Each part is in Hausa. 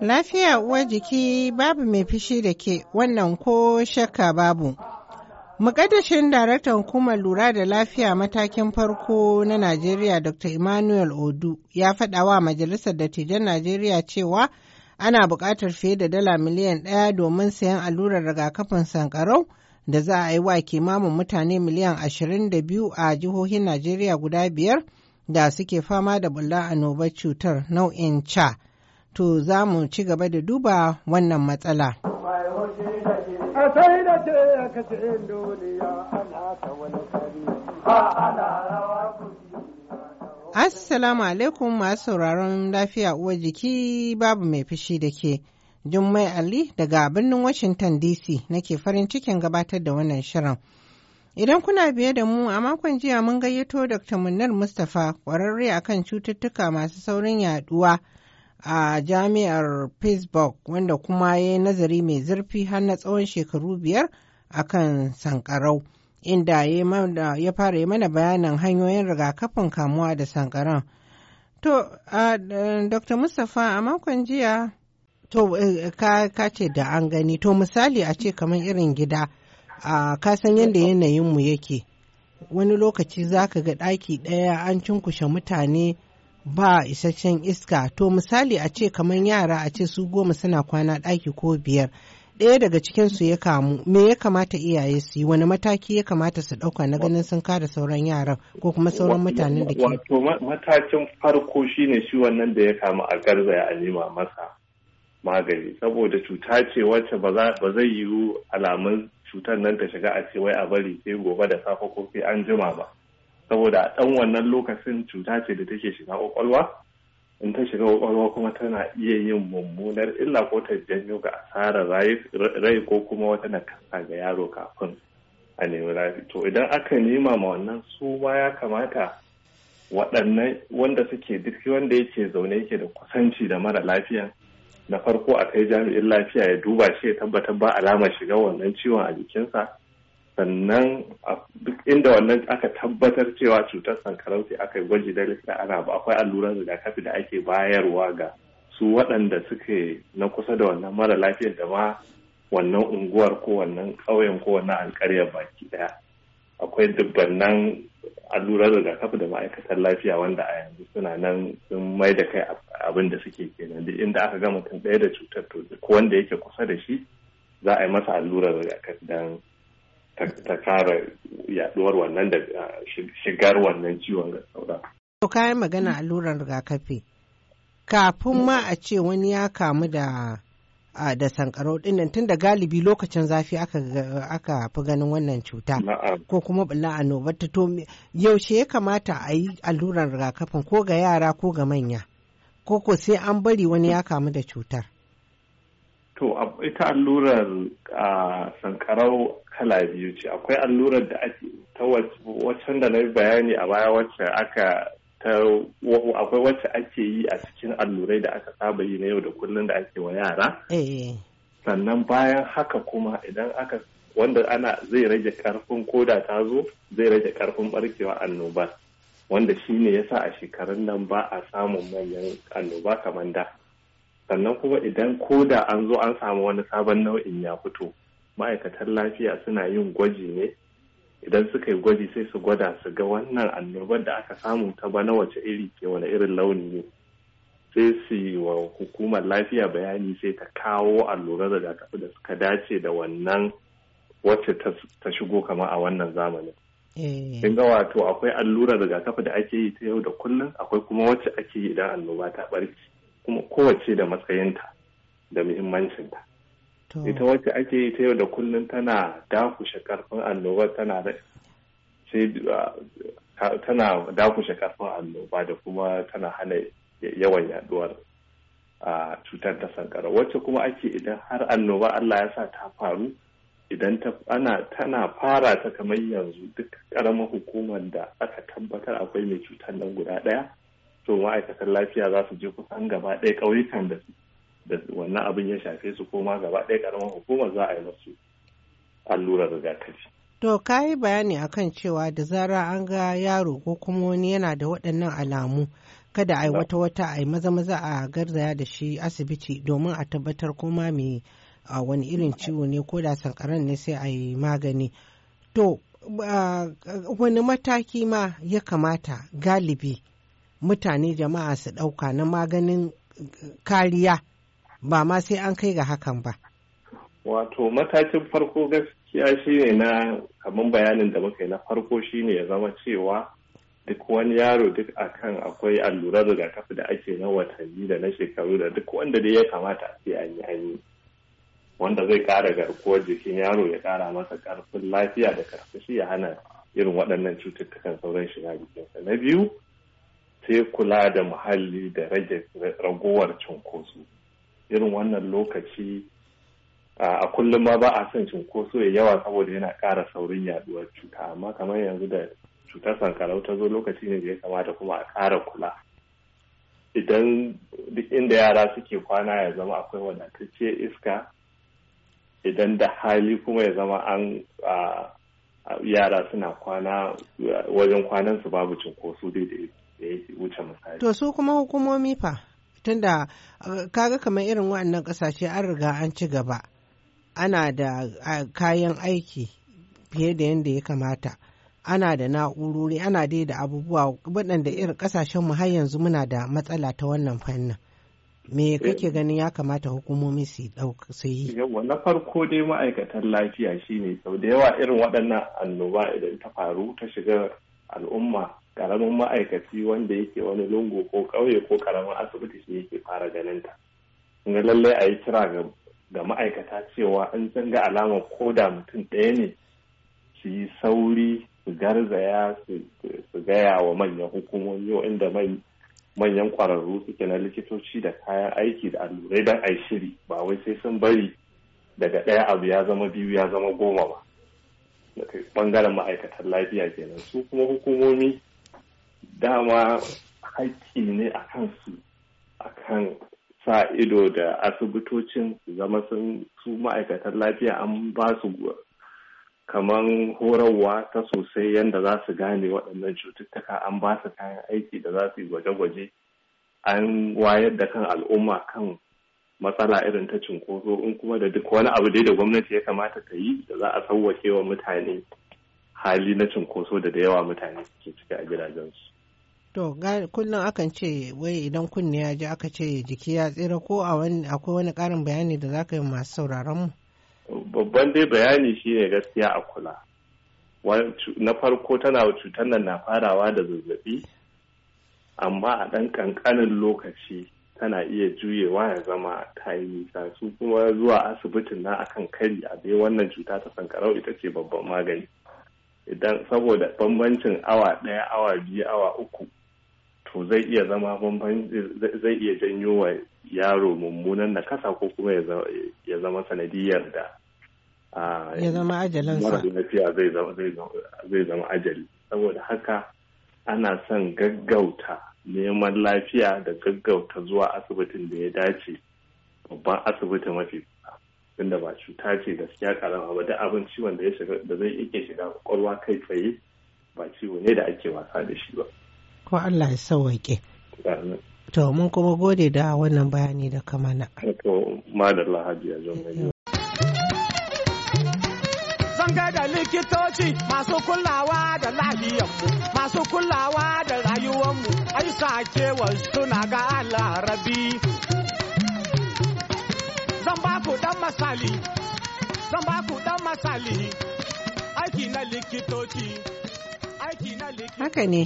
Lafiya uwar jiki babu mai fishi da ke wannan ko shakka babu. Mukaddashin daraktan hukumar lura da lafiya matakin farko na Najeriya Dr. Emmanuel Odu ya faɗa wa Majalisar Dattijan Najeriya cewa ana buƙatar fiye da dala miliyan ɗaya domin sayan allurar rigakafin sankarau da za a yi wa kimamin mutane miliyan 22 a jihohin Najeriya guda biyar da suke fama da bulla annobar cutar nau'in ca. To za mu ci gaba da duba wannan matsala. Assalamu alaikum masu sauraron lafiya uwa jiki babu mai fushi da ke. Jummai Ali daga birnin Washington DC nake farin cikin gabatar da wannan shirin. Idan kuna biye da mu a makon jiya mun gayyato Dr. Munnar Mustapha ƙwararre akan cututtuka masu saurin yaduwa a jami'ar Pittsburgh wanda kuma ya yi nazari mai zurfi har na tsawon shekaru biyar akan sankarau inda ya fara yi mana bayanin hanyoyin rigakafin kamuwa da sankaran. To, eh, Dr. Mustapha a makon jiya To eh, ka ce da an gani to misali a ce kamar irin gida a kasan yadda yanayinmu yake wani lokaci za ka ga ɗaki ɗaya an cinkushe mutane ba isasshen iska to misali a ce kamar yara a ce su goma suna kwana ɗaki ko biyar ɗaya daga cikinsu ya kamu me ya kamata iyaye su yi wani mataki ya kamata su ɗauka na ganin sun kada sauran yaran ko kuma sauran mutanen da ke wato matakin farko shine shi wannan da ya kamu a garzaya a nema masa magani saboda cuta ce wacce ba zai yiwu alamun cutar nan ta shiga a wai a bari sai gobe da safe ko sai an jima ba saboda a ɗan wannan lokacin cuta ce da take shiga kwakwalwa in ta shiga kwakwalwa kuma tana iya yin mummunar illa ko ta janyo ga asarar rai ko kuma wata nakasa ga yaro kafin a nemi lafiya to idan aka nema ma wannan su ba ya kamata waɗannan wanda suke duk wanda yake zaune yake da kusanci da mara lafiya na farko a kai jami'in lafiya ya duba shi ya tabbatar ba alama shiga wannan ciwon a jikinsa sannan duk inda wannan aka tabbatar cewa cutar sankarau sai aka yi gwaji da lissa ana ba akwai alluran rigakafi da ake bayarwa ga su waɗanda suke na kusa da wannan mara lafiyar da ma wannan unguwar ko wannan ƙauyen ko wannan alƙaryar baki ɗaya akwai dubbannan allurar rigakafi da ma'aikatan lafiya wanda a yanzu suna nan sun mai da kai abin da suke kenan duk inda aka ga mutum ɗaya da cutar to ko wanda yake kusa da shi za a yi masa allurar rigakafi don ta kara yaduwar wannan da shigar wannan ciwon ga saura. To kayan magana allurar rigakafi kafin ma a ce wani ya kamu da da sankarau dinnan tun da galibi lokacin zafi aka fi ganin wannan cuta ko kuma bulla annobar ta to yaushe ya kamata a yi alluran rigakafin ko ga yara ko ga manya ko ko sai an bari wani ya kamu da cutar to ita allurar sankarau kala biyu ce akwai allurar da ake ta wacce da na bayani a baya wacce aka ta akwai wacce ake yi a cikin allurai da aka saba yi na yau da kullum da ake wa yara eh. sannan bayan haka kuma idan aka wanda ana zai rage karfin koda ta zo zai rage karfin barkewa annoba wanda shi ne sa a shekarun nan ba a samun manyan annoba kamar da sannan kuma idan koda an zo an samu wani sabon nau'in ya fito ma'aikatan lafiya suna yin gwaji ne idan suka yi gwaji sai su gwada su ga wannan annobar da aka samu ta bana wace iri ke wani irin launi ne sai su yi wa hukumar lafiya bayani sai ta kawo allurar rigakafi da suka dace da wannan wacce ta shigo kama a wannan zamanin. Eh. Kin ga wato akwai allurar rigakafi da ake yi ta yau da kullum akwai kuma wacce ake yi idan annoba ta barki kuma kowace da matsayinta da muhimmancinta. ita wacce ake yi ta yau da kullum tana dakushe karfin annoba tana tana dakushe karfin annoba da kuma tana hana yawan yaduwar a cutar ta sankara wacce kuma ake idan har annoba Allah ya sa ta faru idan ana tana fara ta kamar yanzu duk karamar hukumar da aka tabbatar akwai mai cutar nan guda ɗaya to ma'aikatan lafiya za su je kusan gaba ɗaya ƙauyukan da da wannan abin ya shafe su koma gaba ɗaya karamar hukumar za a yi masu allurar rigakafi. To ka yi bayani akan cewa da zara an ga yaro ko kuma wani yana da waɗannan alamu kada a yi wata wata a yi maza maza a garzaya da shi asibiti domin a tabbatar koma ma wani irin ciwo ne ko da sankaran ne sai a yi magani. To wani mataki ma ya kamata galibi mutane jama'a su ɗauka na maganin kariya ba ma sai an kai ga hakan ba wato matakin farko gaskiya shine na kamar bayanin da muka yi na farko shi ne ya zama cewa duk wani yaro duk akan akwai allurar rigakafi da ake na watanni da na shekaru da duk wanda dai ya kamata a ce an yi an yi wanda zai kara garkuwar jikin yaro ya kara masa karfin lafiya da karfashi ya hana irin waɗannan cututtukan sauran shiga jikinsa na biyu sai kula da muhalli da rage ragowar cunkoso irin wannan lokaci a kullum ma ba a son cunkoso ya yawa saboda yana ƙara saurin yaduwar cuta amma kamar yanzu da cutar sankarau ta zo lokaci ne da ya kamata kuma a ƙara kula idan duk inda yara suke kwana ya zama akwai wadatacce iska idan da hali kuma ya zama an yara suna kwana wajen kwanansu babu cunkoso dai da ya wuce misali to su kuma hukumomi fa tunda uh, kaga kamar irin waɗannan kasashe an riga an ci gaba ana da uh, kayan aiki fiye da yadda ya kamata ana da na'urori ana dai da abubuwa waɗanda irin ƙasashen mu har yanzu muna da matsala ta wannan fannin me eh, kake ganin ya kamata hukumomi su ɗauka su yi yawa na farko dai ma'aikatan lafiya shine sau da yawa irin waɗannan annoba idan ta faru ta shiga al'umma karamin ma'aikaci wanda yake wani lungu ko ƙauye ko karamin asibiti shi yake fara ganin ta ga lallai a yi kira ga ma'aikata cewa an san ga alamar ko da mutum ɗaya ne su yi sauri su garzaya su gaya wa manyan hukumomi inda manyan kwararru suke na likitoci da kayan aiki da allurai don ai shiri ba wai sai sun bari daga ɗaya abu ya zama biyu ya zama goma ba bangaren ma'aikatan lafiya kenan su kuma hukumomi dama haƙƙi ne a kansu a kan sa ido da asibitocin zama sun su ma'aikatan lafiya an ba su kaman horarwa ta sosai yadda za su gane waɗannan cututtuka an ba su kayan aiki da za su yi gwaje-gwaje an wayar da kan al'umma kan matsala irin ta cinkoso in kuma da duk wani abu dai da gwamnati ya kamata ta yi da za a sauwake wa mutane hali na cinkoso da da yawa mutane ke ciki a gidajensu. To, kullum akan ce wai idan kunne ya ji aka ce jiki ya tsira ko akwai wani ƙarin bayani da za ka yi masu sauraron mu? Babban dai bayani shi ne gaskiya a kula. Na farko tana cutar nan na farawa da zazzabi, amma a ɗan ƙanƙanin lokaci tana iya juyewa ya zama ta yi nisa su kuma zuwa asibitin na akan kari a dai wannan cuta ta sankarau ita ce babban magani. saboda bambancin awa ɗaya awa biyu awa uku to zai iya zama zai iya janyo wa yaro mummunan na kasa ko kuma ya zama sanadiyar da ya zama ajalinsa fiya zai zama ajali saboda haka ana son gaggauta neman lafiya da gaggauta zuwa asibitin da ya dace babban asibiti mafi tunda ba cuta ce gaskiya karama ba da abin ciwon da zai iya shiga kwakwalwa kai tsaye ba ciwo ne da ake wasa da shi ba ko Allah ya sauwaƙe. To mun kuma gode da wannan bayani da kamana. To madalla hajiya zan Zan da likitoci masu kulawa da lahiyanmu, masu kulawa da rayuwarmu, ai sakewar suna ga larabi. Zan ba ku dan masali, zan ba ku dan masali, aiki na likitoci, aiki na likitoci. Haka ne.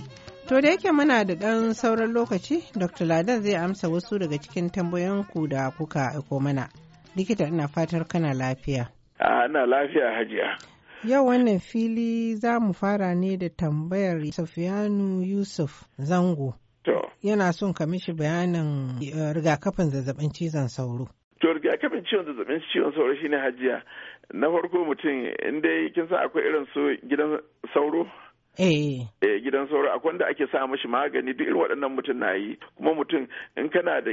To da yake muna da ɗan sauran lokaci, Dr. Ladan zai amsa wasu daga cikin tambayoyinku da kuka aiko mana. Likita ina fatar kana lafiya. Ana lafiya hajiya. Yau wannan fili za mu fara ne da tambayar Safiyanu Yusuf Zango. To. Yana son ka mishi bayanin eh, rigakafin zazzabin cizon sauro. To rigakafin ciwon zazzabin ciwon sauro shine hajiya. Na farko mutum inda kin san akwai irin su gidan sauro Eh. eh gidan sauro akwai wanda ake sa mashi magani duk irin waɗannan mutum na yi kuma mutum in kana da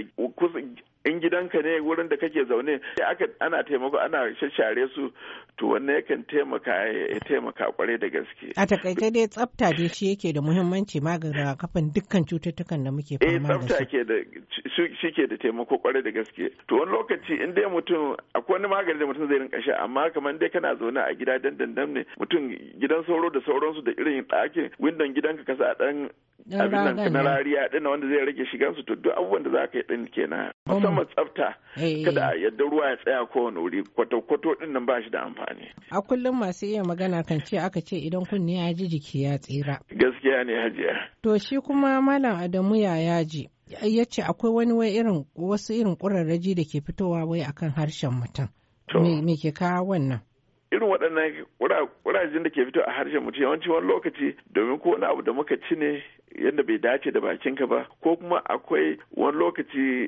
in gidanka ne wurin da kake zaune aka ana taimako ana shashare su to wannan yakan taimaka ya taimaka kwarai da gaske a takaice dai tsafta dai shi yake da muhimmanci maganin kafin dukkan cututtukan da muke eh, fama da su tsafta ke da shi ke da taimako kwarai da gaske to wani lokaci in dai mutum akwai wani magani da mutum zai rinka sha amma kamar dai kana zaune a gida dandan ne mutum gidan sauro da sauransu da irin ɗakin windon gidanka kasa a dan abin nan kinarariya na wanda zai rage shigan su tudu duk abubuwan da za ka yi na. na musamman tsafta kada yadda ruwa ya tsaya ko kowane wuri kwato-kwato ɗin nan ba shi da amfani a kullum masu iya magana kan ce aka ce idan kunne ya ji jiki ya tsira gaskiya ne hajiya to shi kuma malam adamu ya yaji ya ce akwai wani wai irin wasu irin ƙurarraji da ke fitowa wai akan harshen mutum me ke kawo wannan irin waɗannan wurajen da ke fito a harshen mutum yawanci wani lokaci domin ko wani abu da muka ci ne yadda bai dace da bakinka ba ko kuma akwai wani lokaci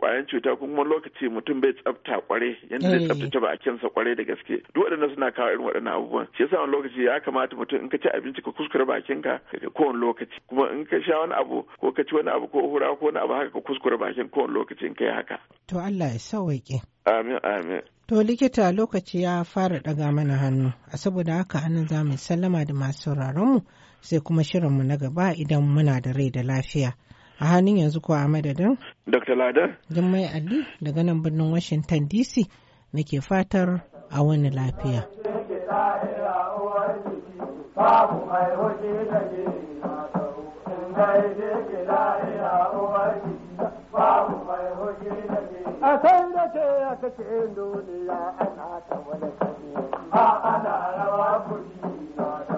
kwayan cuta kuma lokaci mutum bai tsafta kware yadda zai eh. tsaftace bakinsa kware da gaske duk waɗannan suna kawo irin waɗannan abubuwan shi yasa wani lokaci ya kamata mutum in ka ci abinci ka kuskure bakinka ka kowane lokaci kuma in ka sha wani abu ko ka ci wani abu ko hura ko wani abu haka ka kuskure bakin kowane lokaci in ka yi haka. To Allah ya sauwaƙe. Amin amin. To likita lokaci ya fara ɗaga mana hannu, a saboda haka anan za mu sallama da masu mu sai kuma shirinmu na gaba idan muna da rai da lafiya. a hannun yanzu ko a madadin dr ladar jummai ali daga nan birnin washington dc nake fatar a wani lafiya babu mai ke a san da ke ana ta wani ba ana rawa kudi na